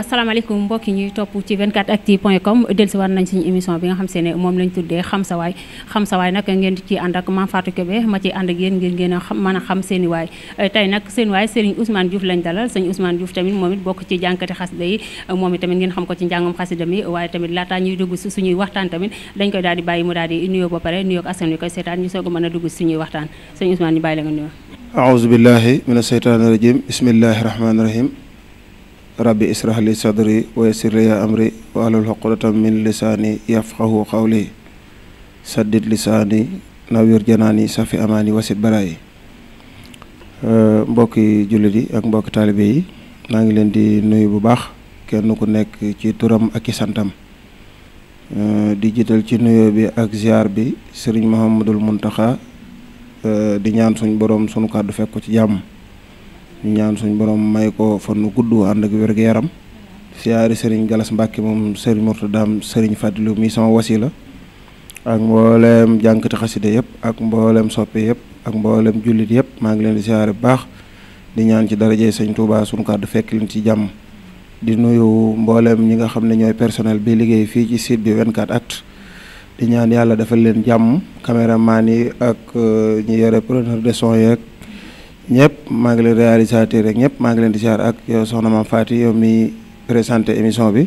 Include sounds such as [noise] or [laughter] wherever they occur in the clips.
Euh, salaamaaleykum mbokk yi ñuy topp ci 24actu point com dellusiwaat nañ suñu émission bi nga xam se ne moom lañ tuddee xam sa waay xam ngeen ci ànd ak Mame Fatou Kébé ma ci ànd ak yéen ngeen ngeen a a xam seen i euh, tey nag seen waay Serigne Ousmane Diouf lañ dalal Serigne Ousmane Diouf tamit moom it bokk ci euh, moom it tamit ngeen xam ko ci njàngam xasida mi waaye tamit laataa ñuy dugg si suñuy waxtaan tamit dañ koy daal di bàyyi mu daal di nuyoo ba pare nuyoo askan wi koy seetaan ñu soog a mën a dugg si suñuy waxtaan Serigne Ousmane ñu bàyyi la nga nuyoo aouzu mina sheytaani rabbi israh li sadri wa yassir li amri wahlul uqdatam min lisaani yafqahu qawli saddid lisaani nawwir janaani safi amaani wasit baraayi euh, mbokki jullit yi ak mbokki taalibe yi maa ngi leen di nuyu bu baax kenn ku nekk ci turam ak ci santam euh, di jiital ci nuyoo bi ak ziar bi sëriñ Muhammadul Muntaxa euh, di ñaan suñ boroom sunu kàddu fekk ko ci jàmm ñaan suñ borom may ko fan nu gudd ànd ak wér gu yaram siyaari sëriñ Galas Mbàkke moom sëriñ Murtadaam sëriñ Fàdilu mi sama wasila ak mbooleem jànkati xasida yëpp ak mbooleem soppe yëpp ak mbooleem jullit yëpp maa ngi leen di siyaare bu baax di ñaan ci daraje sëñ Touba suñu kàddu fekk leen ci jàmm di nuyu mbooleem ñi nga xam ne ñooy personnel bi liggéey fii ci site bi 24 at di ñaan yàlla defal leen jàmm caméraman yi ak euh, ñi yore preneur de son yeeg ñëpp maa ngi leen réalisateur rek ñëpp maa ngi leen di siyaar ak yow soxna Maam Faty yow mi présenté émission bi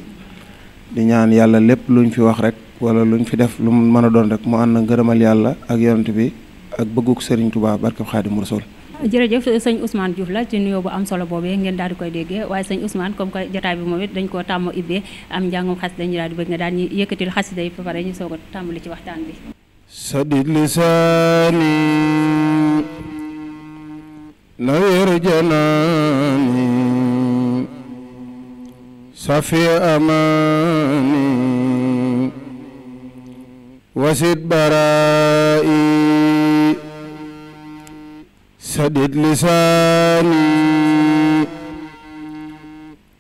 di ñaan yàlla lépp luñ fi wax rek wala luñ fi def lu mu mën a doon rek mu ànd ngërëmal yàlla ak yonent bi ak bëgguk Serigne Touba barkeb Xaadimu Rasuul jërëjëf sëñ Ousmane Diouf la ci nuyoo bu am solo boobee ngeen daal di koy déggee waaye sëñ Ousmane comme que jotaay bi moom it dañ koo tàmm ibbee am njàngum xas dañu daal di bëgg nga daal ba pare ñu soog a tàmbali نوير جناني صفي أماني وسد برائي سدد لساني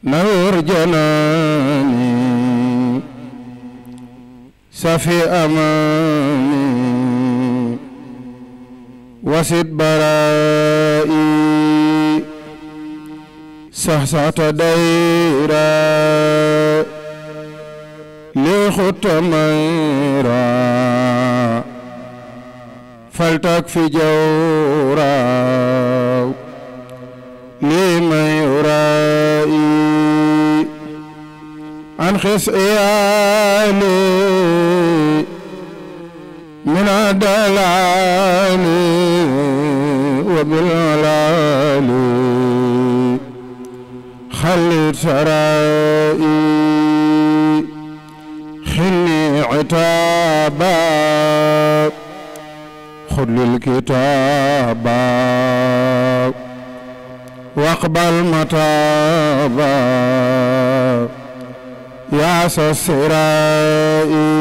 نور جناني صفي أماني وسد برائي saxsaat dayra li xut mayra faltak fi jawra li mayrai an xis iyaali min adalaali wa bilalaali خلد سرائي خلي عتابا خذ الكتاب واقبل متابا يا سسرائي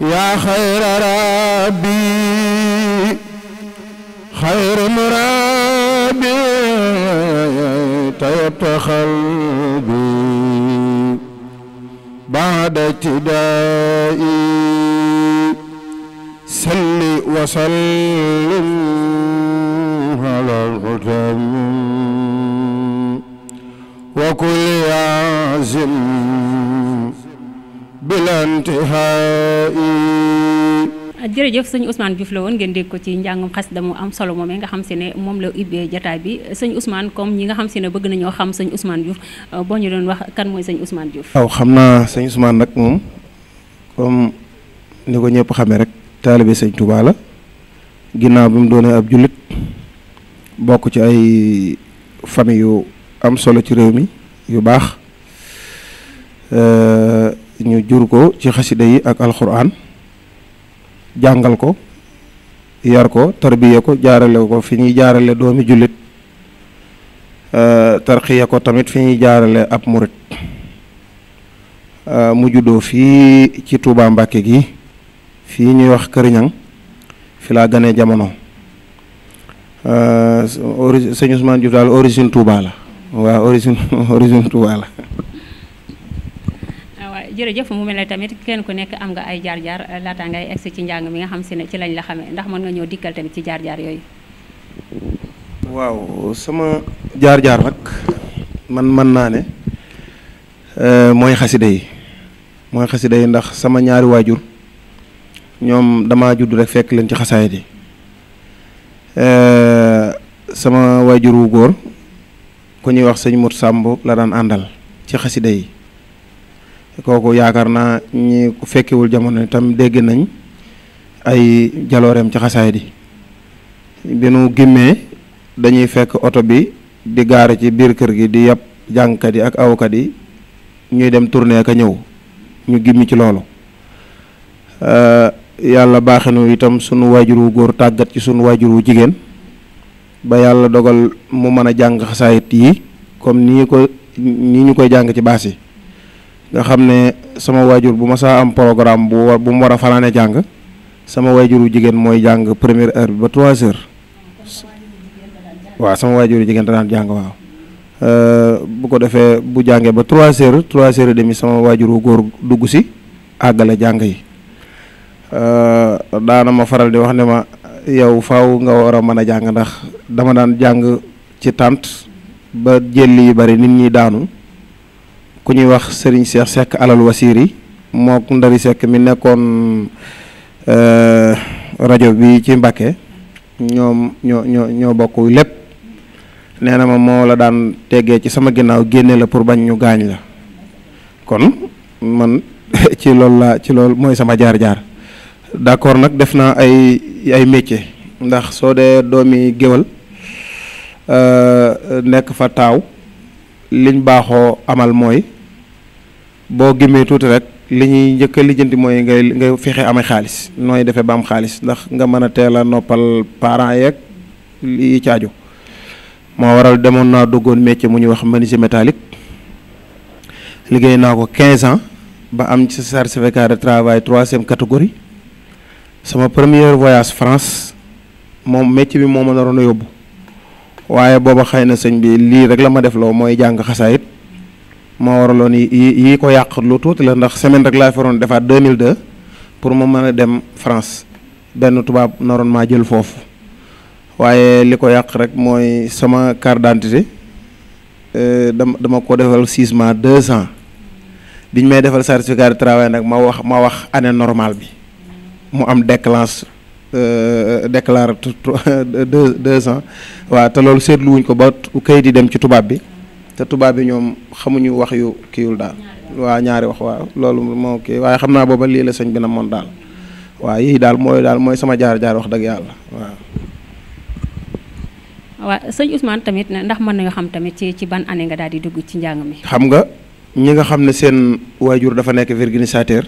يا خير ربي وسلم على الختم وكل عازم بلا انتهاء jërëjëf sëñ Ousmane Diouf la woon ngeen dégg ko ci njàngum xasida mu am solo yi nga xam si ne moom la ubbee jataay bi sëñ Ousmane comme ñi nga xam si ne bëgg nañoo xam sañ Ousmane Diouf euh, boo ñu doon wax kan mooy sañ Ousmane Diouf. waaw xam naa sëñ Ousmane nag moom comme ni ko ñëpp xamee rek taalibe sëñ Touba ginnaaw bi mu doonee ab jullit bokk ci ay famille yu am solo ci réew mi yu baax euh, ñu jur ko ci xasida yi ak alxuraan jàngal ko yar ko tarbiya ko jaarale ko fi ñuy jaarale doomi jullit euh, tarxiya ko tamit fi ñuy jaarale ab murit euh, mu juddoo fii ci Touba Mbàkke gi fii ñuy wax Kër fi laa ganee jamono euh, ori sëñ Ousmane Diouf daal origine Touba la waa origine [laughs] origine Touba la. Ah, jërëjëf mu mel ne tamit kenn ku nekk am nga ay jaar-jaar laata ngay egsi ci njàng mi nga xam si ne ci lañ la xamee ndax mën nga ñëw dikkal tamit ci jaar-jaar yooyu. waaw sama jaar-jaar nag man man naa ne euh, mooy xasida yi mooy xasida yi ndax sama ñaari waajur. ñoom damaa judd rek fekk leen ci xasaayit yi eh, sama waajur wu góor ku ñuy wax sëñ Mut Sàmb la daan àndal ci xasida yi kooku yaakaar naa ñi ku fekkewul jamono itam dégg nañ ay jalooreem ci xasaayit yi bi nu gémmee dañuy fekk oto bi di gaare ci biir kër gi di yàpp jàngkat yi ak awkat yi ñuy dem tournée a ñëw ñu gimmi ci loolu eh, yàlla baaxinu itam sunu waajur wu góor tàggat ci sunu waajur wu jigéen ba yàlla dogal mu mën a jàng xasaayit yi comme nii ko nii ñu koy jàng ci baas yi nga xam ne sama waajur bu ma saa am programme bu war bu mu war a fanaane jàng sama waajur wu jigéen mooy jàng première heure bi ba trois heures waaw sama waajur wu jigéen da daan jàng waaw euh, bu ko defee bu jàngee ba trois heures trois heures et demi sama waajur wu góor dugg si àggale jàng yi Euh, daana ma faral di wax ne ma yow faw nga war a mën a jàng ndax dama daan jàng ci tànt ba jël yi bari nit ñi daanu ku ñuy wax sëriñ Cheikh Seck alal wasiri mook Ndari Seck mi nekkoon euh, rajo bi ci Mbàkke ñoom ñoo ñoo ñoo bokk lépp nee na ma moo la daan teggee ci sama ginnaaw génne la pour bañ ñu gaañ la kon man [laughs] ci loolu laa ci loolu mooy sama jaar-jaar d'accord nag def naa ay ay métier ndax soo dee doomi géwal euh, nekk fa taaw liñ baaxoo amal mooy boo gémmee tuuti rek li ñuy njëkk a lijjanti mooy ngay ngay fexe amee xaalis nooy defee ba am xaalis ndax nga mën a teel a noppal parent yeeg yi caaju moo waral demoon naa duggoon métier mu ñuy wax menuisier métallique liggéey naa ko 15 ans ba am ci certificat de travail troisième catégorie sama premier voyage France moom métier bi moo ma naroon a yóbbu waaye booba xëy na sëñ bi lii rek la ma def loo mooy jàng xasaayit moo waraloon yi yi ko yàq lu tuuti la ndax semaine rek laa faroon defaat 2002 pour ma mën a dem France benn tubaab naroon maa jël foofu waaye li ko yàq rek mooy sama carte d'identité euh, dama dama ko defal 6 mois 200 biñ may defal certificat de travail nag ma wax ma wax année normale bi. mu am déclenche euh, déclare [laughs] deux deux ans waaw te loolu seetluwuñ ko ba kayit yi dem ci tubaab bi te tubaab bi ñoom xamuñu wax yu kiiwul daal waa ñaari wax waa loolu moo kii waaye xam naa booba lii la sëñ bi na moon daal waaw yii daal mooy daal mooy sama jaar-jaar wax dëgg yàlla waaw. waaw sëñ Ousmane tamit ndax mën nañoo xam tamit ci ci ban année nga daal di dugg ci njàng mi. xam nga ñi nga xam ne seen waajur dafa nekk virginisateur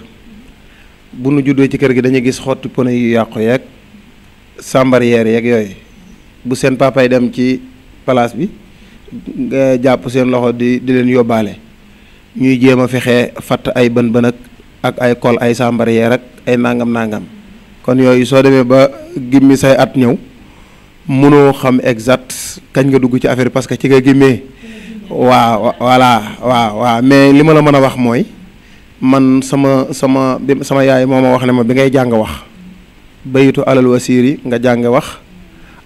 bu nu juddoo ci kër gi dañu gis xotti pono yu yàqu yeeg sàmbariyeer yeeg yooyu bu seen papay dem ci place bi nga jàpp seen loxo di di leen yóbbaale ñuy jéem a fexe fàtt ay bën bën ak ay kol ay sàmbariyeer ak ay nangam nangam kon yooyu soo demee ba gimmi say at ñëw mënoo xam exact kañ nga dugg ci affaire parce que ci nga gimmee waaw voilà waaw waaw mais li ma la mën a wax mooy man sama sama sama yaay moo ma wax ne ma bi ngay jàng wax bayitu alal wasiiri nga jàng wax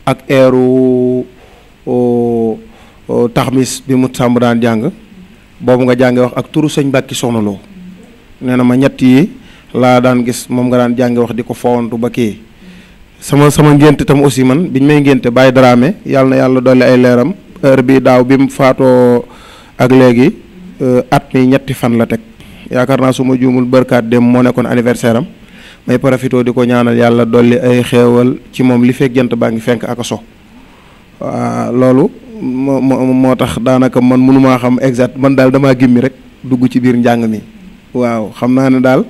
ak eeru taxmis bi mu sàmb daan jàng boobu nga jàng wax ak turu sëñ Mbàkke Soxna Lo na ma ñett yi laa daan gis moom nga daan jàng wax di ko foowantu ba kii sama sama ngénte tam aussi man biñ may ngénte bàyyi daraame yàlla na yàlla dolli ay leeram heure bi daaw bi mu faatoo ak léegi euh, at mi ñetti fan la teg yaakaar naa su ma juumul bërkaat dem moo nekkoon anniversaire am may profité di ko ñaanal yàlla dolli ay xéewal ci moom li fekk jant baa ngi fenk ak loolu moo moo tax daanaka man mënumaa xam exact man daal damaa gémmi rek dugg ci biir njàng mi waaw xam naa ne daal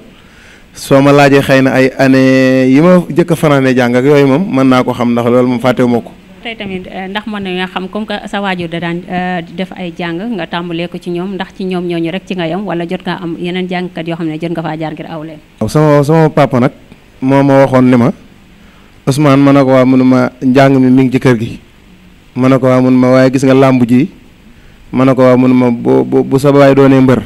soo ma laajee xëy na ay année yi ma jëkk fanaane fanaanee jàng ak yooyu moom mën naa ko xam ndax loolu moom fàttewuma ko tey tamit eh, ndax mën nañoo xam comme que sa waajur da daan eh, def ay jàng nga tàmbalee ko ci ñoom ndax ci ñoom ñooñu rek ci nga yam wala jot ngaa am yeneen jàngkat yoo xam ne jot nga faa jaar ngir aw leen. sama sama papa nag moo ma waxoon ne ma Ousmane ma ne ko waa mun njàng mi mi ngi ci kër gi ma ne ko waa mun ma waaye gis nga làmb ji ma ne ko waa ma bu bu bu sa waay doonee mbër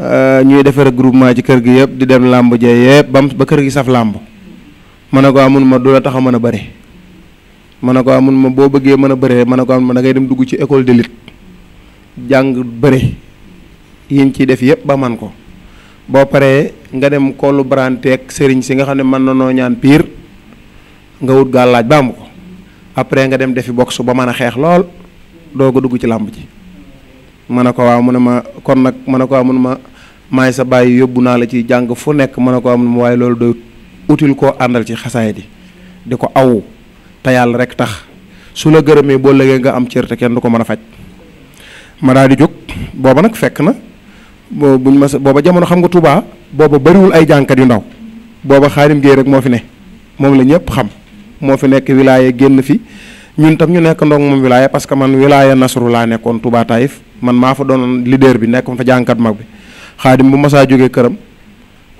eh, ñuy defar groupement ci kër gi yëpp di dem làmb jee yëpp ba ba kër gi saf làmb mën ne ko waa mun ma du la tax a mën a bëri. mën ne ko amun ah, ma boo bëggee mën a bëree ma ne ko amun ah, ma da ngay dem dugg ci école de lutte jàng bëre yiñ ciy def yëpp ba man ko boo paree nga dem koolu branteeg sëriñ si nga xam ne mën na noo ñaan piir nga wut gàllaaj ba ko après nga dem defi boxe ba mën a xeex lool doo ko dugg ci làmb ji ma ne ko waaw ah, mu ne ma kon nag mën ne ko amun ma maay sa bàyyi yóbbu naa la ci jàng fu nekk mën ne ko amun ma waaye loolu doy util koo àndal ci xasaay di di ko awu te yàlla rek tax su la gërëmee boo lëgee nga am cër kenn du ko mën a faj ma daal di jóg booba nag fekk na buñ ma booba jamono xam nga Touba booba bariwul ay jànkat yu ndaw booba Xaadim Géey rek moo fi ne moom la ñëpp xam moo fi nekk wilaya génn fi ñun tam ñu nekk ndong moom wilaya parce que man wilaya Nasru laa nekkoon Touba Taïf man maa fa doon leader bi nekkoon fa jànkat mag bi Xaadim bu ma saa jógee këram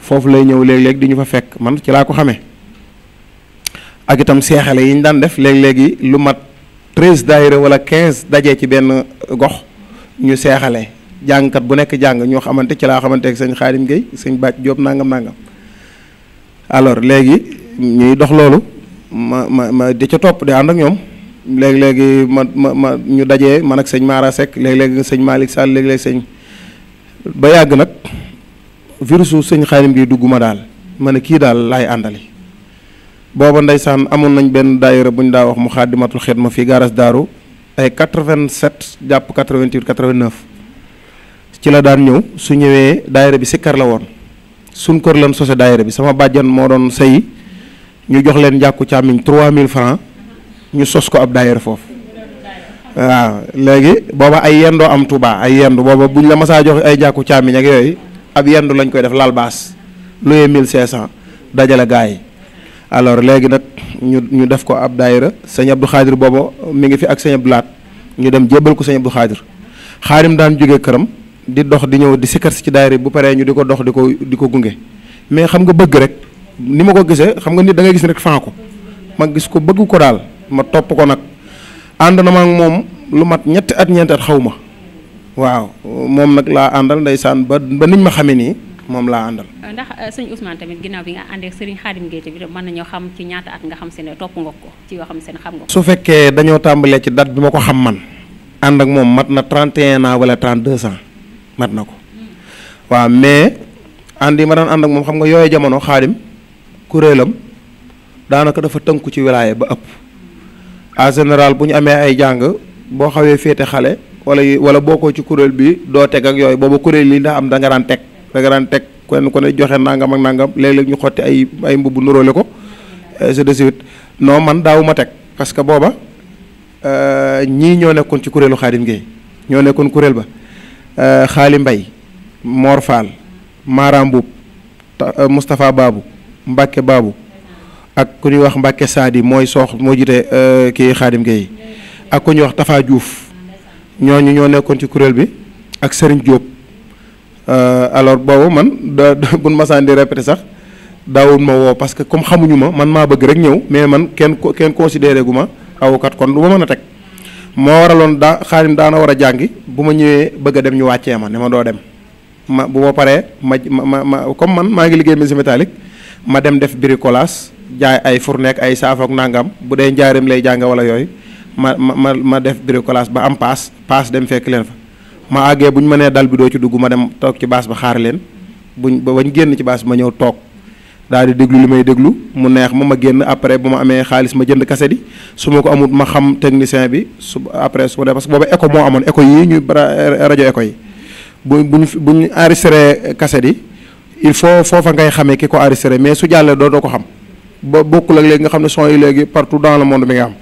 foofu lay ñëw léegi léeg di ñu fa fekk man ci laa ko xamee. ak itam seexale yi ñu daan def léeg-léegi lu mat treize daayira wala quinze dajee ci benn gox ñu seexale jàngkat bu nekk jàng ñoo xamante ci laa xamante ak sëñ Xaadim Gueye sëñ Bàcc Jóob nangam nangam alors léegi ñuy dox loolu ma ma ma di ca topp di ànd ak ñoom léegi léegi ma ma ma ñu dajee man ak sëñ Mara Seck léegi léegi sëñ Malick Sall léegi léegi sëñ ba yàgg nag virusu sëñ Xaadim gi dugg ma daal ma ne kii daal lay àndali. booba ndeysaan amoon nañ benn daayira bu ñu daa wax mu xaadimatul ma fi garas daaru ay 87 jàpp 88 89 ci la daan ñëw su ñëwee daayira bi sikkar la woon suñ kër lan sose daayira bi sama bàjjan moo doon sëy ñu jox leen njàkku càmmiñ 3000 francs ñu sos ko ab daayira foofu waaw léegi booba ay yendoo am Touba ay yendu booba buñ la masaa jox ay jàkku càmmiñ ak yooyu ab yendu lañ koy def laal baas luyee 1500 dajale gaa yi alors léegi nag ñu ñu def ko ab daayira sëñ Abdou Khadir boobu mi ngi fi ak sëñ Abdou Laat ñu dem jébbal ko sëñ Abdou Khadir xaarim daan jógee këram di dox di ñëw di sikkar ci daayira bu paree ñu di ko dox di ko di ko gunge mais xam nga bëgg rek ni ma ko gisee xam nga nit da ngay gis rek fan ko ma gis ko bëgg ko daal ma topp ko nag ànd na ma moom lu mat ñetti at ñeenti at xaw ma waaw moom nag laa àndal ndeysaan ba ba niñ ma xamee nii. moom laa àndal. Euh, ndax euh, sëñ Ousmane tamit ginnaaw bi nga àndee Serigne Khadim Gueye tamit mën nañoo xam ci ñaata at nga xam se ne topp nga ko ci yoo xam se xam nga su fekkee dañoo tàmbalee ci dat bi ma ko xam man ànd ak moom mat na 31 ans wala 32 ans mat na ko hmm. waaw mais ànd yi ma daan ànd ak moom xam nga yooyu jamono Khadim kuréelam daanaka dafa tënku ci wilaya ba ëpp a hmm. général bu ñu amee ay jàng boo xawee féete xale wala wala bokkoo ci kuréel bi doo teg ak yooyu booba kuréel yi daa am da nga daan teg. da nga daan teg kenn ku ne joxe nangam ak nangam léeg-léeg ñu xotti ay ay mbubb nuróole ko c'est de suite non man daawuma teg parce que booba euh, ñii ñoo nekkoon ci kuréelu Xaadim Gueye ñoo nekkoon kuréel ba euh, Xaali Mbay Mor Fall Mara euh, ak ku ñuy wax Mbacke Saadi mooy soox moo jiite kii Xaadim Gueye ñuy wax Tafa Diouf ñooñu ñoo nekkoon ci kuréel bi ak Serigne Diop. Euh, alors boobu man da [laughs] buñ masaan di répété sax daawul ma woo parce que comme xamuñu ma man maa bëgg rek ñëw mais man kenn kenn considéré gu ma awukat kon du ma mën a teg moo waraloon daa xaarim daana war a jàngi bu ma ñëwee bëgg a dem ñu wàccee ma ne ma doo dem ma bu ma paree ma ma ma comme man maa ngi liggéey si métallique ma dem def bricolage jaay ay fourneek ay saafook nangam bu dee njaareem lay jàng wala yooyu ma ma ma def bricolage ba am paas paas dem fekk leen fa ma àggee bu ñu mënee dal bi doo ci dugg ma dem toog ci baas ba xaar leen buñ ba bañ génn ci baas bi ma ñëw toog daal di déglu li may déglu mu neex ma ma génn après bu ma amee xaalis ma jënd kaset yi su ma ko amut ma xam technicien bi su après su ma parce que booba écho moo amoon écho yi ñuy rajo écho yi bu bu ñu bu ñu enregistré kaset yi il faut foofa ngay xamee ki ko mais su jàllee doo doo ko xam ba bokkul ak léegi nga xam ne son yi léegi partout dans le monde mi nga am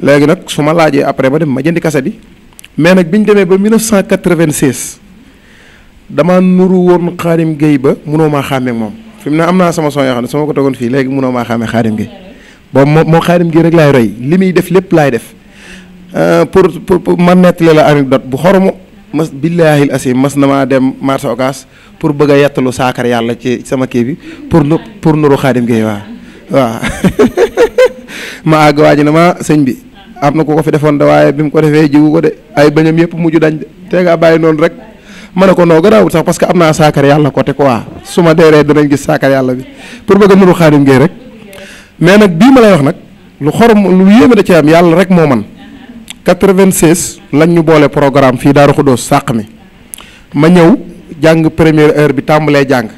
léegi nag su ma laajee après ba dem ma jënd kase yi. mais nag bi ñu demee ba 1996 damaa nuru woon Xaadim géey ba munoo maa xàmmee moom fi mu ne am naa sama son yoo xam ne sama ko tegoon fii léegi munoo maa xàmmee Xaadim Gueye boobu moo moo Xaadim Gueye rek laay roy li muy def lépp laay def euh, pour pour pour ma nettali la anecdote bu xoromu ma billaahil asim mas na maa dem marché Ocass pour bëgg a yettalu saakar yàlla ci sama kii bi pour nu pour nuru Xaadim Gueye waaw waaw [laughs] ma àgg waa ji na ma sëñ bi. am na ku ko fi defoon de waaye bi mu ko defee jiwu ko de ay bañam yëpp mujj dañ de te nga bàyyi noonu rek ma ne ko noo garaawul sax parce que am naa saakar yàlla côté quoi su ma deeree danañ gis saakar yàlla bi pour bëgg a nuru xaadim géey rek mais nag bii ma lay wax nag lu xorom lu yéeme da ci am yàlla rek moo man 96 lañ ñu boole programme fii Daaru Xuddoos sàq mi ma ñëw jàng première heure bi tàmbalee jàng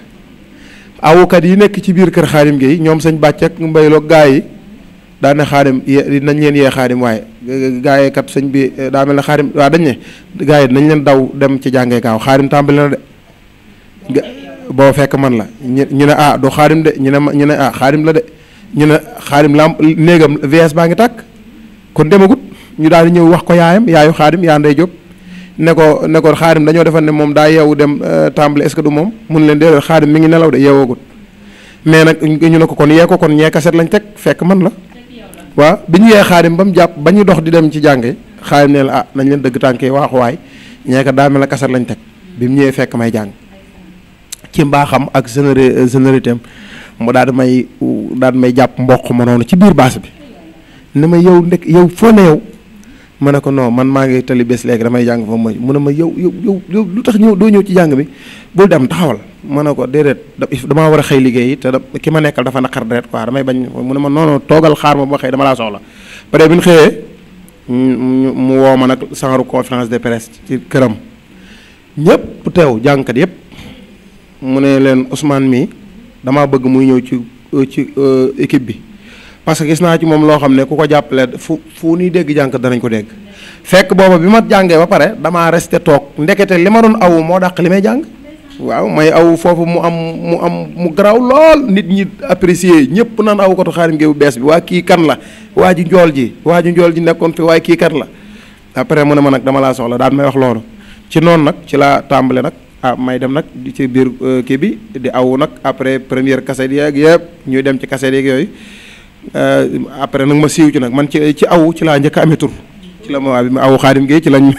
awukat yi nekk ci biir kër xaadim géey ñoom sañ bàcc ak mbayloog gaa yi daane ne xaadim nañ leen yee xaadim waaye gaa yi kat sëñ bi eh, daa mel ne xaadim waaw dañ ne gaa yi dañ leen daw dem ci jàngee kaaw xaadim tàmbali na de boo fekk man la ñu ne ah du xaadim de ñu ne ñu ne ah xaadim la de ñu ne xaadim lam néegam vs baa ngi tàkk kon demagut ñu daal di ñëw wax ko yaayam yaayu xaadim yaa ndey jóg ne ko ne ko xaadim dañoo defal ne moom daa yeewu dem eh, tàmbali est-ce que moom mun leen déedéet xaadim mi ngi nelaw de yeewoogut mais nag ñu ne ko kon yee kon ñee kaset lañ teg fekk man la waaw bi ñu yee xaadim ba mu jàpp ba ñu dox di dem ci jànge xaadim ne la ah nañ leen dëgg tànkee waaxuwaay ñee ko daa mel la kasar lañ teg bi mu ñëwee fekk may jàng ci mbaaxam ak généré euh, générité mu daal di may daal di may jàpp mboq ma noonu ci biir baas bi ne ma yow ndek yow foo ne yow ma ne ko non man maa ngi tali bés léegi damay jàng fa ma mu ne ma yow yow yow lu tax ñëw doo ñëw ci jàng bi bul dem taxawal ma ne ko déedéet damaa war a xëy liggéey te da ki ma nekkal dafa naqar déet quoi damay bañ mu ne ma non non toogal xaar ma ba xëy dama laa soxla pare bi ñu xëyee mu woo ma nag sangaru conférence de presse ci këram ñëpp teew jàngkat yëpp mu ne leen Ousmane mii damaa bëgg muy ñëw ci ci euh, équipe bi parce que gis naa ci moom loo xam ne ku ko jàppale fu fu ni dégg jànk danañ ko dégg fekk booba bi ma jàngee ba pare damaa resté toog ndekete li ma doon awu moo daq li may jàng waaw may aw foofu mu am mu am mu garaaw lool nit ñi apprécier ñëpp naan aw kotu xaarim géew bees bi waa kii kan la waa ji njool ji waa ji njool ji nekkoon fi waaye kii kan la après mu ne ma nag dama laa soxla daal may wax loolu ci noonu nag ci laa tàmbale nag ah may dem nag di ci biir euh, kii bi di aw nag après première cassette yeeg yëpp ñuy dem ci cassette yeeg yooyu Euh, après nag ma siiw ci nag man ci ci aw ci laa njëkk amee tur ci la ma waa bi ma xaadim Gueye ci lañ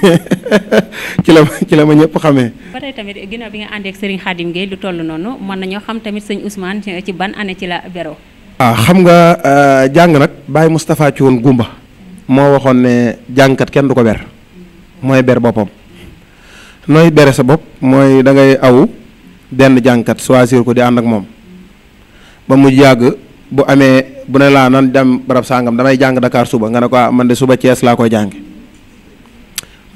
[laughs] ci la ci la ma ñëpp xamee. ba tey tamit ginnaaw bi nga àndee ak Serigne Khadim Gueye lu toll noonu mën nañoo xam tamit sëñ Ousmane ci ban ane ci la beroo. waaw ah, xam nga euh, jàng nag Baye Moustapha ci woon Gumba moo waxoon ne jàngkat kenn du ko ber mooy ber boppam nooy bere sa bopp mooy dangay ngay aw benn jàngkat choisir ko di ànd ak moom ba mu yàgg bu amee. bu ne laa nan dem barab sàngam damay jàng dakaar suba nga ne ko ah man de suba Thiès laa koy jàng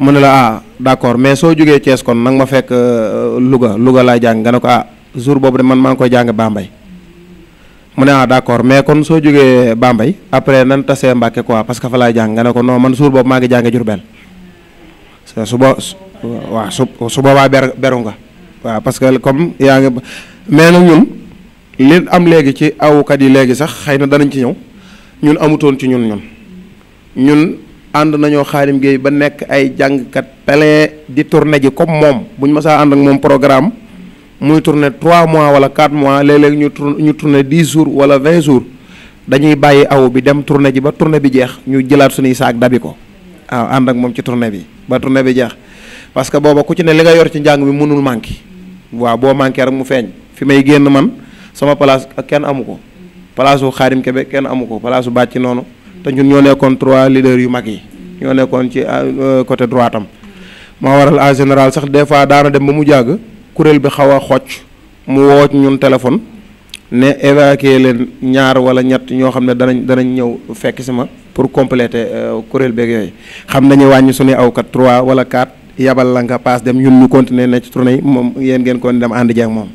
mu ne la ah d'accord mais soo jógee Thiès kon nag ma fekk euh, Louga Louga laay jàng nga ne ko ah jour boobu de man maa ngi koy jàng baambay mu ne ah d'accord mais kon soo jógee Bambey après nan tasee Mbàkke ko parce que fa laay jàng nga ne ko non man jour boobu maa ngi jàng Diourbel suba waaw su su boobaa beru nga waa parce que comme yaa ngi mais na ñun. li am léegi ci awukat yi léegi sax xëy na danañ ci ñëw ñun amutoon ci ñun ñun ñun ànd nañoo xaalim géey ba nekk ay jàngkat pele di tournée ji comme moom bu ñu masaa ànd ak moom programme muy tourné trois mois wala 4 mois léeg-léeg ñu tourné ñu tourné 10 jours wala 20 jours dañuy bàyyi aw bi dem tournée ji ba tournée bi jeex ñu jëlaat suñuy saak dabi ko waaw ànd ak moom ci tournée bi ba tournée bi jeex parce que booba ku ci ne li nga yor ci njàng mi mënul manqué waaw boo manqué rek mu feeñ fi may génn man. sama place kenn amu ko place su Xaadim Kebe kenn amu ko place su bàcc noonu te ñun ñoo nekkoon trois leaders yu mag yi ñoo nekkoon ci ah, euh, côté droite am ma waral en général sax des fois daana dem ba mu jàgg kuréel bi xaw a xocc mu woo ñun téléphone ne évacuer leen ñaar wala ñett ñoo xam ne danañ danañ ñëw fekk si ma pour compléter euh, kuréel beeg yooyu xam nañu wàññi suñu aw kat trois wala quatre yabal la nga paas dem ñun ñu continuer ne tournée moom yéen geen kon dem ànd jeeg moom.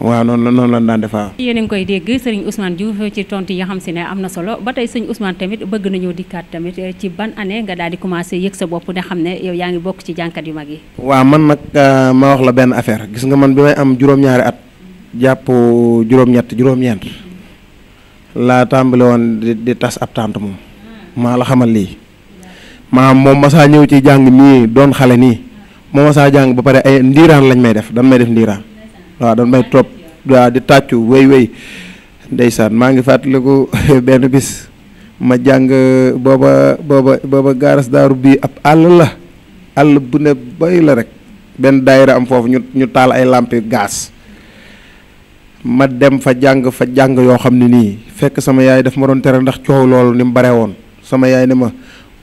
waaw noonu la noonu la daan defaa yéen koy dégg sëriñ Ousmane Diouf ci tontu yi xam si ne am na solo ba tey sëñ Ousmane tamit bëgg nañoo dikkaat tamit ci ban année nga daal di commencé yëg sa bopp ne xam ne yow yaa ngi bokk ci jànkat yu mag yi waaw man euh, ma wax la benn affaire gis nga man bi am juróom-ñaari at jàpp juróom-ñett juróom-ñeent laa tàmbale woon di di tas ab tànt moom maa la xamal lii maa moom masaa ñëw ci jàng nii doon xale nii moom masaa jàng ba pare ay ndiiraan lañ may def dañ may def ndiiraan waaw dañ may topp waaw di tàccu wéy wéy ndeysaan maa ngi fàttaliku [laughs] benn bis ma jàng booba booba booba gaaras bii ab àll la àll bu ne bay la rek benn daayira am foofu ñu ñu taal ay làmpi gaas ma dem fa jàng fa jàng yoo xam ne nii fekk sama yaay dafa ma doon tere ndax coow loolu ni mu bare woon sama yaay ne ma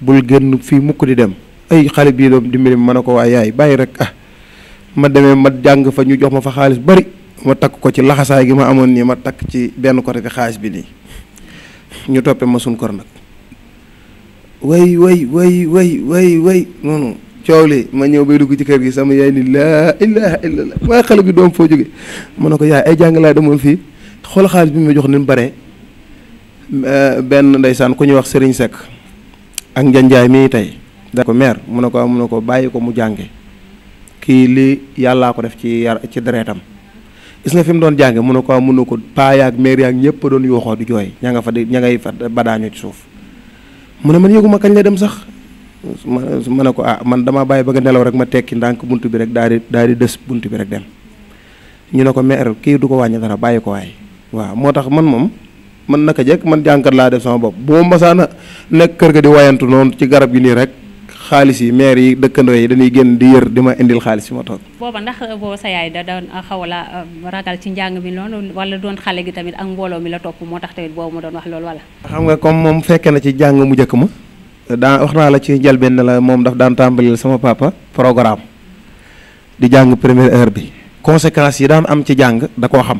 bul génn fii mukk di dem ay xale bii doom dimbali ma ne ko waa yaay bàyyi rek ah. ma demee ma jàng fa ñu jox ma fa xaalis bari ma takk ko ci laxasaay gi ma amoon nii ma takk ci benn côté bi xaalis bi nii ñu toppee ma suñ kor nag way way way way way way noonu coow li ma ñëw bay dugg ci kër gi sama yaay ni laa ilaha illallah xale bi doom foo jóge ma ne ko yaay ay jàng laa demoon fii xool xaalis bi ma jox ni mu bare euh, benn ndeysaan ku ñuy wax sëriñ Seck ak njanjaay mii tey da ko meer mun ne ko am mu ne ko bàyyi ko mu jànge kii lii yàllaa ko def ci yar ci dereetam gis nga fi mu doon jànge mënu ko mënu ko paayaag meer yaag ñëpp doon yuuxoo di jooy ña nga fa di ña ngay fa badaañoo ci suuf mu ne man yëguma kañ la dem sax ma ne ko ah man dama bàyyi ba nga nelaw rek ma tekki ndànk bunt bi rek daal di daal di des bunt bi rek dem ñu ne ko meer kii du ko wàññi dara bàyyi ko waay waaw moo tax man moom man naka jekk man jànkat laa def sama bopp bu ma masaana nekk kër ga di wayantu noonu ci garab gi nii rek xaalis yi maire yi dëkkandoo yi dañuy génn di yër di ma indil xaalis bi ma toog. booba ndax booba sa yaay da doon xaw la um, ragal ci njàng mi noonu wala doon xale gi tamit ak mbooloo mi la topp moo tax tamit boobu ma doon wax loolu wala. xam nga comme moom fekke na ci njàng mu njëkk ma daa wax naa la ci njëlbeen ne la moom daf daan tàmbalil sama papa programme di jàng première heure bi conséquences yi daan am ci jàng da koo xam.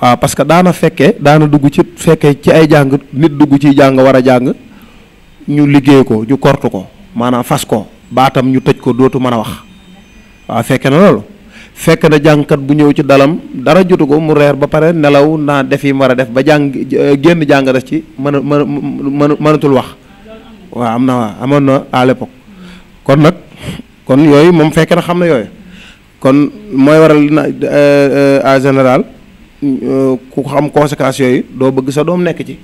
waaw parce que daana fekkee daana dugg ci fekkee ci ay jàng nit dugg ci jàng war a jàng ñu liggéey ko ñu ko maanaam fas ko baatam ñu tëj ko dootu mën a wax waaw fekke na loolu fekk na jàngkat bu ñëw ci dalam dara jotu ko mu reer ba pare nelaw naa def yi mu war a def ba jàng génn jàng des ci mën a mën a mënatul wax waa am na waa amoon na à l'époque kon nag kon yooyu moom fekke na xam na yooyu kon mooy waral na euh, euh, en général euh, ku xam conséquences yooyu doo bëgg sa doom nekk ci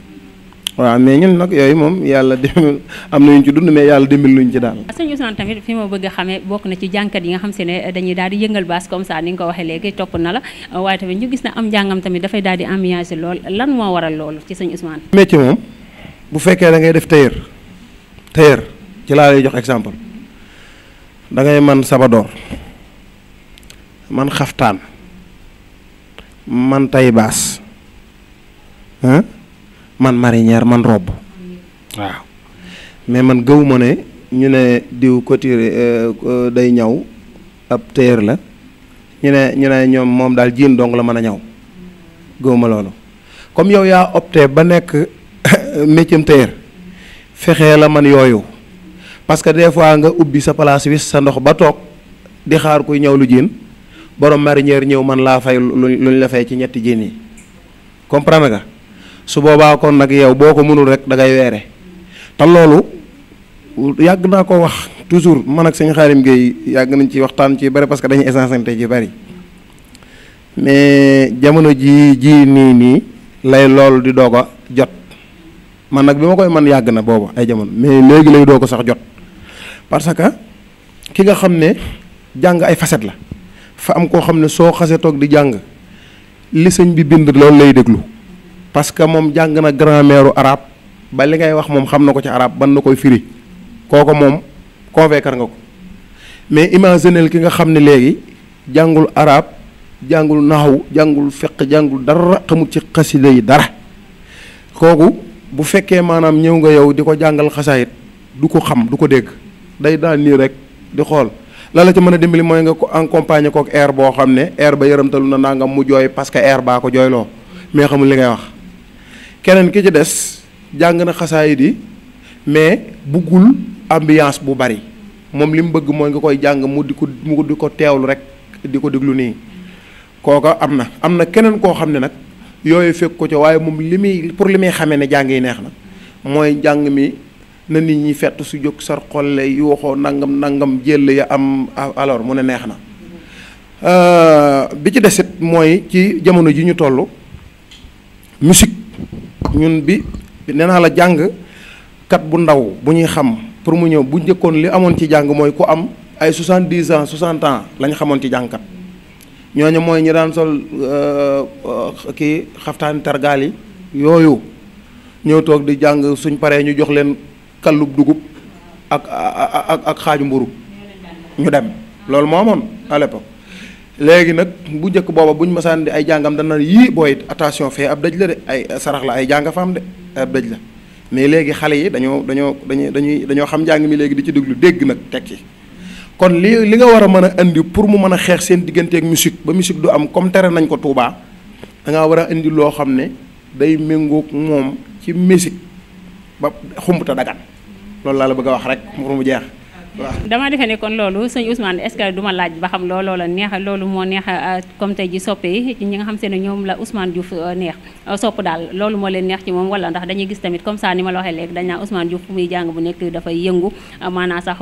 waaw mais ñun nag yooyu moom yàlla [laughs] dem am na ñu ci dund mais yàlla dimbali luñ ci daal. sëñ Ousmane tamit fi ma bëgg a xamee bokk na ci jànkat yi nga xam si ne dañuy daal di yëngal baas comme ça ni nga ko waxee léegi topp na la waaye tamit ñu gis ne am njàngam tamit dafay daal di ambiance lool lan moo waral loolu ci sëñ Ousmane. métier moom bu fekkee da ngay def tailleur tailleur ci laa lay jox exemple dangay man sabadoor man xaftaan man tay baas man marinière man robb waaw mais man gëw ma ne ñu ne diw couture euh, euh, day ñaw ab téer la ñu ne ñu ne ñoom moom daal jiin dong la mën a ñaw gëw ma loolu comme yow yaa opté ba nekk [coughs] métier téer fexee la man yooyu parce que des fois nga ubbi sa place wis sa ndox ba toog di xaar kuy ñëw lu jiin borom marinière ñëw man laa fay luñ la fay ci ñetti jiin yi comprendre nga. su boobaa kon nag yow boo ko mënul rek da ngay weere te loolu yàgg naa ko wax toujours man ak sëñ Xaarim Gueye yàgg nañ ci waxtaan ci bari parce que dañu essentialité ji bari mais jamono ji ji nii nii lay loolu di doog a jot man nag bi ma koy man yàgg na booba ay jamono mais léegi lay doo ko sax jot parce que ki nga xam ne jàng ay facette la fa am koo xam ne soo xasee toog di jàng li sëñ bi bind loolu lay déglu parce que moom jàng na grammaire arabe ba li ngay wax moom xam na ko ci arabe ban na koy firi kooku moom convaincre nga ko mais imaginel ki nga xam ne léegi jàngul arab jàngul naxaw jàngul feq jàngul dara xamul ci xasida yi dara kooku bu fekkee maanaam ñëw nga yow di ko jàngal xasaayit du ko xam du ko dégg day daan nii rek di xool la la ci mën a dimbali mooy nga ko accompagner kook air boo xam ne air ba yëramtalu na nangam mu jooy parce que air baa ko jooyloo mais xamul li ngay keneen ki ci des jàng na xasaayit yi mais buggul ambiance bu bari moom li mu bëgg mooy nga koy jàng mu di ko mu di ko teewlu rek di ko déglu nii kooka am na am na keneen koo xam ne nag yooyu fekk ko ca waaye moom li muy pour li muy xamee ne jàng yi neex na mooy jàng mi na nit ñi fett su jóg sar xolle yu waxoo nangam nangam jël ya am alors mu ne neex na euh, bi ci desit mooy ci jamono ji ñu toll musique ñun bi nee naa la jàng kat bu ndaw bu ñuy xam pour mu ñëw bu njëkkoon li amoon ci jàng mooy ku am ay 70 ans 60 ans lañ xamoon ci jàngkat ñooñu mooy ñi daan sol euh, kii xaftaani targaal yooyu ñëw toog di jàng suñ paree ñu jox leen kallub dugub ak ak ak xaaju mburu ñu dem loolu moo amoon à léegi nag bu njëkk booba buñ masaan di ay jàngam dana yii booy attention fee ab daj la de ay sarax la ay jàng de ab daj la mais léegi xale yi dañoo dañoo dañuy dañuy dañoo xam njàng mi léegi di ci déglu dégg nag teg ci kon li li nga war a mën a indi pour mu mën a xeex seen diggante digganteeg musique ba musique du am comme tere nañ ko Touba da war a indi loo xam ne day méngoog moom ci musique ba xumb te dagan loolu laa la bëgg a wax rek mu jeex. dama defee ne kon loolu sëñ Ousmane est-ce ma laaj ba xam looloo la neex loolu moo neex euh, comme tey ji soppe yi ñi nga xam se ne ñoom la Ousmane Diouf euh, neex euh, sopp daal loolu moo leen neex ci moom wala ndax dañuy gis tamit comme ça ni ma waxee léegi dañ naa Ousmane Diouf fu muy jàng bu nekk dafay yëngu maanaam sax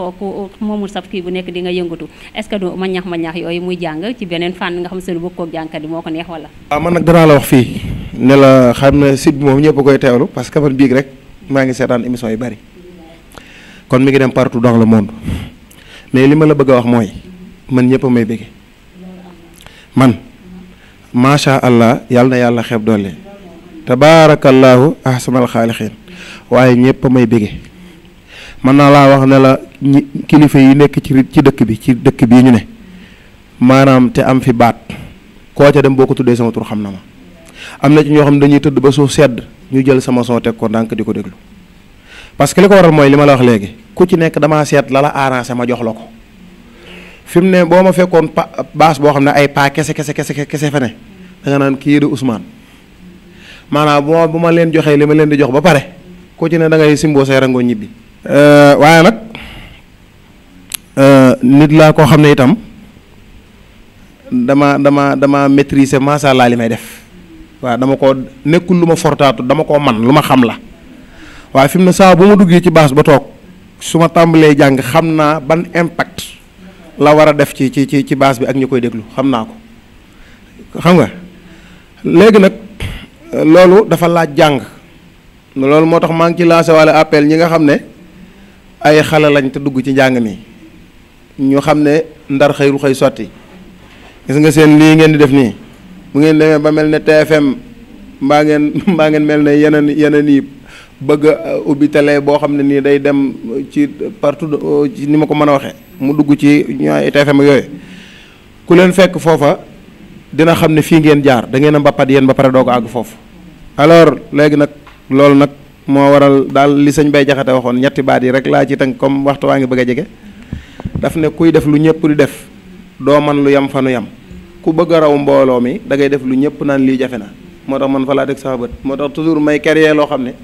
bu nekk di nga yëngatu est-ce ma ñax ma ñax yooyu muy jàng ci beneen fànn nga xam se ne bëgg koog jàngkat yi moo ko neex wala waaw ah, man nag danaa la wax fii ne la xam ne site moom ñëpp koy teewlu parce que man biig rek maa ngi seetaan émission yu bari kon mi ngi dem partout dans la monde mais li ma la bëgg a wax mooy man ñëpp may bëgg man macha allah yàlla na yàlla xeb doole tabaarakallaahu ahsanal xaalixiin waaye ñëpp may bëgg mën naa laa wax ne la ñi kilifa yi nekk ci ci dëkk bi ci dëkk bii ñu ne maanaam te am fi baat koo ca dem boo ko tuddee sama tur xam na ma am na ci ñoo xam ne dañuy tëdd ba suuf sedd ñu jël sama son teg ko ndànk di ko déglu. parce que li ko waral mooy li ma la wax léegi ku ci nekk damaa seet la la arrangé ma jox la ko fi mu ne boo ma fekkoon pa baas boo xam ne ay paa kese kese kese kese fa naan kii de Ousmane maanaam bu ma bu ma leen joxee li ma leen di jox ba pare ku ci ne da ngay simboo say rango ñibbi. Euh, waaye nag euh, nit laa koo xam ne itam dama dama dama maîtriser macha allah li may def waa dama ko nekkul lu ma fortaatu dama ko man lu ma xam la. waaye fi mu ne saa bu ma duggee ci baas ba toog su ma tàmbalee jàng xam naa ban impact la war a def ci ci ci ci baas bi ak ñu koy déglu xam naa ko xam nga léegi nag loolu dafa laaj jàng loolu moo tax maa ngi ci lancé wala appel ñi nga xam ne ay xale lañ te dugg ci njàng mi ñu xam ne ndar xëyru xëy sotti gis nga seen lii ngeen di def nii mu ngeen demee ba mel ne TFM mbaa ngeen mbaa ngeen mel ne yeneen yeneen yi bëgg uh, ubbi tele boo xam ne nii day dem ci partout uh, ci ni ma ko mën a waxee mu dugg ci ñooy TFM yooyu ku leen fekk foofa dina xam ne fii ngeen jaar da ngeen a mbappat yéen ba pare doo ko àgg foofu alors léegi nag loolu nag moo waral daal li sëñ Bay Jaxate waxoon ñetti baat yi rek laa ci tënk comme waxtu waa ngi bëgg a jege daf ne kuy def lu ñëpp di def doo man lu yam fanu yam ku bëgg a raw mbooloo mi dangay def lu ñëpp naan lii jafe na moo tax man fa laa teg sama bët moo tax toujours may créer loo xam ne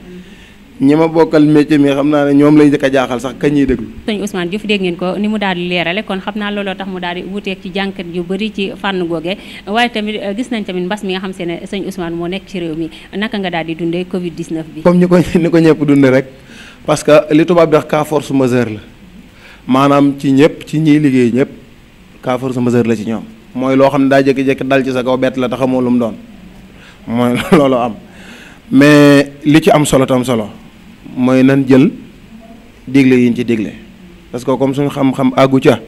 ñi ma bokkal métier mi xam naa ne ñoom lañ njëkk a jaaxal sax kañ ñuy déglu sëñ Ousmane Diouf dégg ngeen ko ni mu daal di leerale kon xam naa looloo tax mu daal di wuteeg ci jànkat yu bëri ci fànn googe waaye tamit euh, gis nañ tamit mbas mi nga xam se ne sëñ Ousmane moo nekk ci réew mi naka nga daal di dundee Covid 19 bi comme ñi ko ni [laughs] ko ñëpp dundee rek parce que li tubaab di wax cas force majeure la maanaam ci ñëpp ci ñiy liggéey ñëpp cas force majeure la ci ñoom mooy loo xam ne daa jékki-jékki dal ci sa kaw bett la te xamoo lu mu doon mooy [laughs] am mais li ci am solo tam solo mooy nan jël digle yiñ ci digle parce que comme suñu xam-xam àggu ca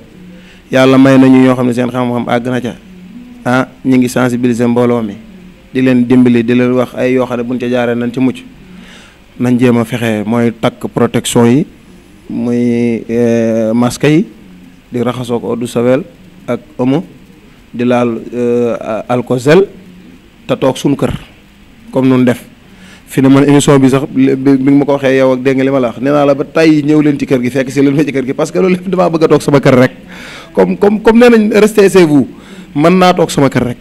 yàlla may nañu ñoo xam ne seen xam-xam àgg na ca ah ñu ngi sensibiliser mbooloo mi di leen dimbali di leen wax ay yoo xam ne buñ ca jaaree nañ ci mucc nañ jéem a fexe mooy takk protection yi muy euh, masque yi di raxasoo ko eau de ak omo di laal euh, alcool gel te toog suñu kër comme nun def fi ne man émission bi sax bi nga ma ko waxee yow ak dégg ma la wax nee naa la ba tay ñëw leen ci kër gi fekk si leen ma ci kër gi parce que loolu lépp bëgg a toog sama kër rek comme comme comme nee nañ sama kër rek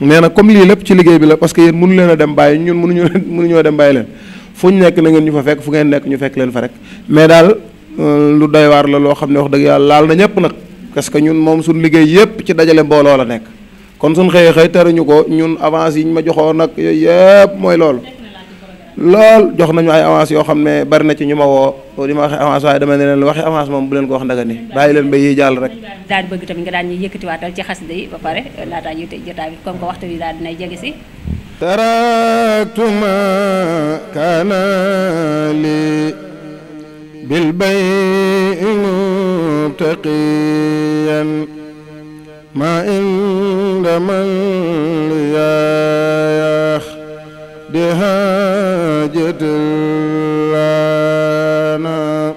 nee na comme lii lépp ci liggéey bi la parce que yéen mënu leen a dem bàyyi ñun mënuñu leen [laughs] mënuñoo dem bàyyi leen fu ñu nekk na ngeen ñu fa fekk fu ngeen nekk ñu fekk leen fa rek mais daal euh, lu doy waar la loo xam ne wax dëgg yàlla laal na ñëpp nag parce que ñun moom suñu liggéey yëpp ci dajale mbooloo la nekk kon suñ xëyee xëy teruñu ko ñun avance yi ñu ma joxoon nag mooy loolu lool jox nañu ay avance yoo xam ne bari na ci ñu ma woo li ma waxee avance waaye dama ne leen waxee avance moom bu leen ko wax ndaga ni bàyyi leen ba yi jàll rek daan bëgg tamit nga daan ñu yëkkatiwaatal ci xasida yi ba pare laataa ñuy tëj jotaay bi comme que waxtu bi daal jege si taraktuma kana bil bay mutaqiyan ma inda man لحاجة لنا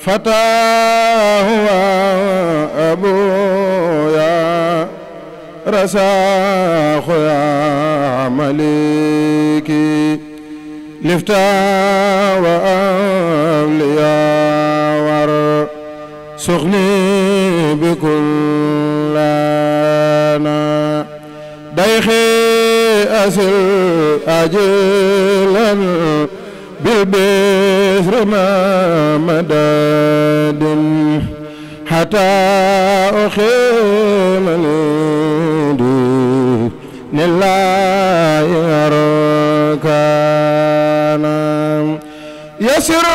فتاه وأبويا رساخ يا مليكي لفتا وأولياء ور سخني بكل لنا دايخي يصل أجلا بالبثر ما مداد حتى أخيم لدي لله أركانا يسر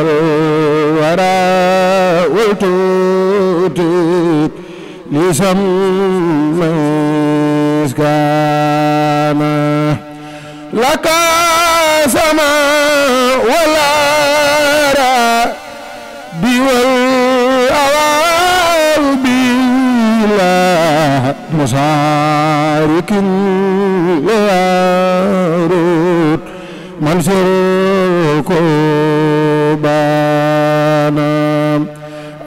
الورى والتوتيك لسم مسكان لك سماء والارى بالأوال بلا مسارك يا روت منشر القربان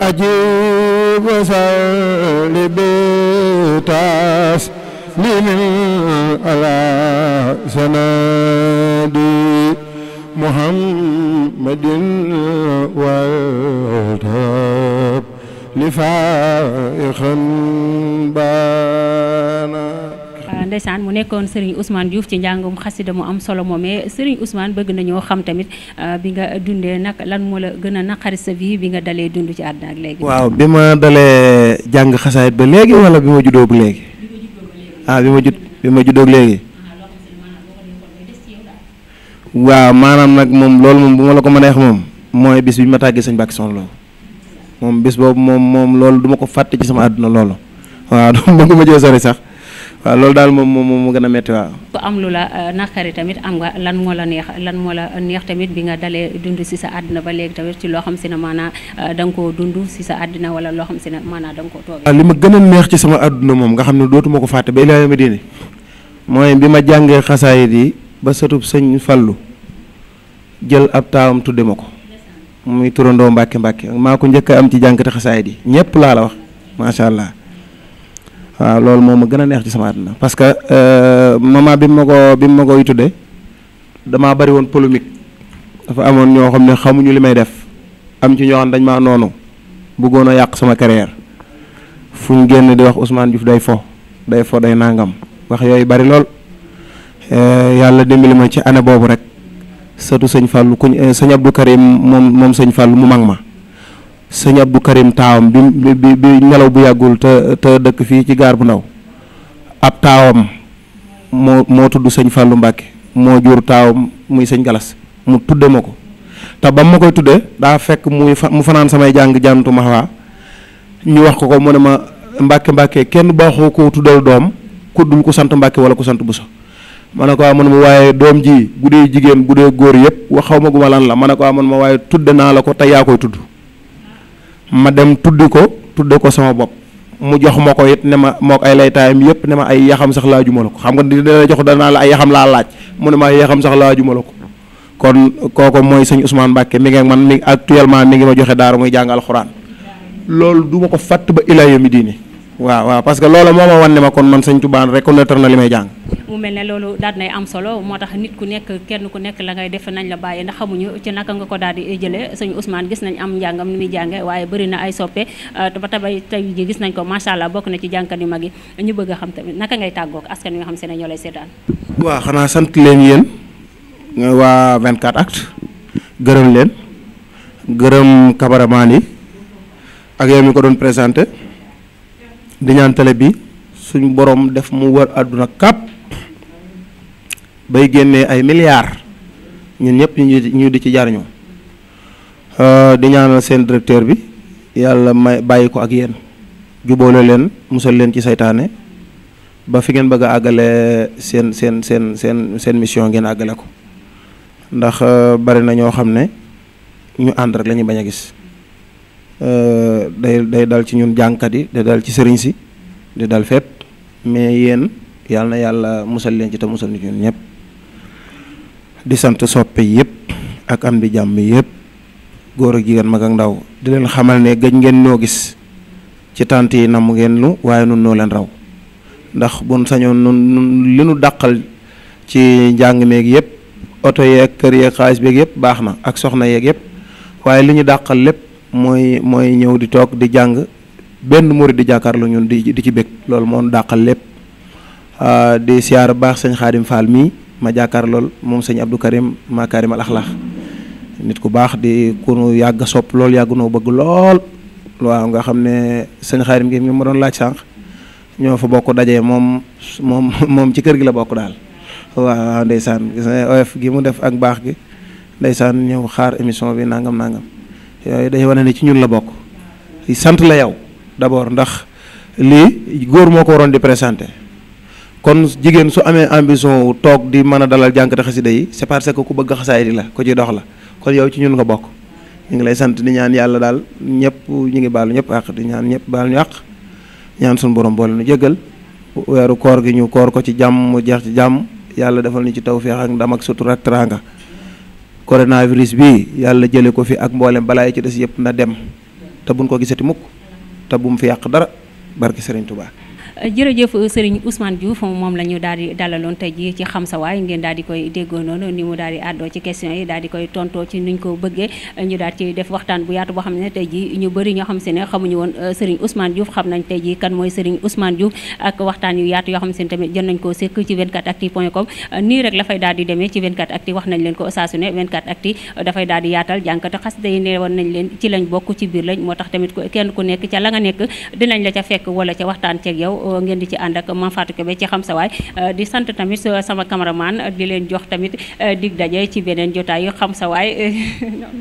أجيب وسل بتاس لمن على سنادي محمد والتاب لفعل nekkoon Serigne Ousmane Diouf ci njàngum xasida mu am solo moomee Serigne usmaan bëgg nañoo xam tamit euh, bi nga dundee nag lan moo la gën a naqari sa bii bi nga dalee dund ci àdduna ak léegi. waaw bi ma dalee jàng xasaayit ba léegi wala bi ma juddoo ba léegi. bi ah, ma jud bi ma juddoo léegi. waaw maanaam nag moom loolu moom bu ma la ko mënee wax moom. mooy bis bi ma tàggee sëñ Mbàkke Soxna moom bis boobu moom moom loolu duma ko fàtte ci sama àdduna loolu waaw [laughs] du ko ma jël sori sax. waaw loolu daal moom moom moom mu gën a métti waaw. am lu la euh, naqari tamit am nga lan moo la neex lan moo neex tamit bi nga dalee dund si sa àddina ba léegi tamit ci loo xam si ne maanaa euh, danga nga koo dund si sa àddina wala loo xam si ne maanaam da nga koo toogee. Ah, li ma gën a neex ci sama àdduna moom nga xam ne dootuma ko fàtte ba ilaa ma diine mooy bi ma jàngee xasaayit yi ba satub sëñ Fallu jël ab taawam tudde ma ko muy turandoo Mbàkke Mbàkke maa ko njëkk am ci jànkati xasaayit yi ñëpp laa la wax macha waaw loolu moom ma gën a neex ci sama àdduna parce que euh, moment bi ma ko bi ma koy tuddee damaa bari woon polémique dafa amoon ñoo xam ne xamuñu li may def am ci ñoo xam dañ ma noonu bëggoon a yàq sama carrière fu ñu génn di wax Ousmane Diouf day fo day fo day nangam wax yooyu bari lool euh, yàlla dimbali ma ci année boobu rek surtout sëñ Fallou kuñ euh, sëñ Abdou Karim moom moom sëñ Fallou mu mag ma. sëñ Abdou Karim taawam bi bi bi nelaw bu yàggul te te dëkk fii ci gaar bu ndaw ab taawam moo moo tudd sëñ Fallou Mbacke moo jur taawam muy sëñ Galas mu tudde ma ko te ba ma koy tudde daa fekk muy mu fanaan samay jàng jàntu maxawaa ñu wax ko ko mu ne ma Mbacke Mbacke kenn baaxoo ko tuddal doom ku dul ku sant Mbacke wala ku sant bu sax ma ne ko waa ah, man ma waaye doom ji guddee jigéen guddee góor yëpp wax xaw ma gu ma lan la ma ne ko waa ah, man ma waaye tudde naa la ko te yaa koy tudd ma dem tudd ko tudd ko sama bopp mu jox ma ko it ne ma moo ko ay laytaayam yëpp ne ma ay yaxam sax laa la ko xam nga di dina jox danaa la ay yaxam laa laaj mu ne ma ay yaxam sax laajuma jumala ko kon kooku mooy sëñ Ousmane Mbacke mi ngi man mi actuellement mi ngi ma joxe daara muy jàng alxuraan loolu du ma ko fàtt ba ilaa yomi diini waaw waaw parce que loolu moo ma wan ma kon man sëñ Tuubaa reconnaître na li may jàng. mu mel ne loolu daal nay am solo moo tax nit ku nekk kenn ku nekk la ngay defe nañ la bàyyi ndax xamuñu ci naka nga ko daal di jëlee sëñ Ousmane gis nañ am njàngam ni muy jànge waaye bëri na ay soppe euh, ba tabay tey ji gis nañ ko macha allah bokk na ci jànkat yi mag yi ñu bëgg a xam tamit naka ngay tàggoog askan wi nga xam se a ñoo lay seetaan waaw xanaa sant leen yéen waa 24 actu gërëm leen gërëm cameraman yi ak yow mi ko doon présenté di ñaan bi suñu borom def mu wër bay génnee ay milliards ñun ñëpp ñu di ci jariñoo euh, di ñaanal seen directeur bi yàlla may bàyyi ko ak yéen jubóole leen musal leen ci seytaane ba fi ngeen bëgg a àggale seen seen seen seen seen mission ngeen àggale ko ndax euh, bari na ñoo xam ne ñu ànd rek la bañ a gis euh, day day dal ci ñun jànkat yi day dal ci sëriñ si di dal fépp mais yéen yàlla na yàlla musal leen ci te musal nit ñun ñëpp di sant soppe yëpp ak am di jàmm yëpp góor ak jigéen mag ak ndaw di leen xamal ne gëj ngeen ñoo gis ci tànt yi namm ngeen lu waaye nun noo leen raw ndax buñ sañoon nun li nu dàqal ci njàng meeg yëpp oto yee kër yee xaalis beeg yëpp baax na ak soxna yeeg yëpp waaye li ñu dàqal lépp mooy mooy ñëw di toog di jàng benn murid di jàkkaarloo ñun di ci bég loolu moom dàqal lépp ah, di siyaar baax sëñ Xaadim mii ma jaakaar lool moom sëñ Abdou Karim Makarimal Akhlaq nit ku baax di ku nu yàgg sopp lool yàgg noo bëgg lool waaw nga xam ne sëñ Xaarim gi mi ma laaj sànq ñoo fa bokk dajee moom moom ci kër gi la bokk daal waaw ndeysaan gis gi mu def ak baax gi ndeysaan ñëw xaar émission bi nangam nangam yooyu day wane ne ci ñun la bokk sant la yow d'abord ndax lii góor moo ko waroon di présenté kon jigéen su amee ambition wu toog di mën a dalal jànkati xasida yi c'est parce que ku bëgg xasaay di la ko ci dox la kon yow ci ñun nga bokk ñu ngi lay sant di ñaan yàlla daal ñëpp ñu ngi baalu ñëpp àq di ñaan ñëpp baal ñu ñaan suñu borom boole nu jéggal weeru koor gi ñu koor ko ci jàmm mu jeex ci jàmm yàlla defal ñu ci tawféex ak ndam ak sutura ak teraanga coronavirus bi yàlla jële ko fi ak mboolem balaa yi ci des yëpp na dem te buñ ko gisati mukk te bu fi yàq dara barki Serigne Touba. jërëjëf euh, Serigne Ousmane Diouf moom la ñu daal di dalaloon tey jii ci xam sa waay ngeen daal di koy déggoo noonu ni mu daal di àddoo ci question yi daal di koy tontoo ci nuñ ko bëggee ñu daal def waxtaan bu yaatu boo xam ne tey jii ñu bëri ñoo xam si ne xamuñu woon euh, Serigne Ousmane Diouf xam nañ tey jii kan mooy Serigne Ousmane Diouf ak waxtaan yu yaatu yoo xam si ne tamit jën nañ ko sëkk ci 24actu point com nii rek la fay daal di demee ci ak actu wax nañ leen ko saa su ne 24actu dafay daal di yaatal jànkata xasida yi ne woon nañ leen ci lañ bokk ci biir lañ moo tax tamit kenn ku nekk ca la nga nekk dinañ la ca fekk wala ca waxtaan ceeg yow ngeen di ci ànd ak Mame Fatou Kébé ci xam sa waay euh, di sant tamit euh, sama cameraman di leen jox tamit euh, dig daje ci beneen jotaayu xam sa waay [laughs]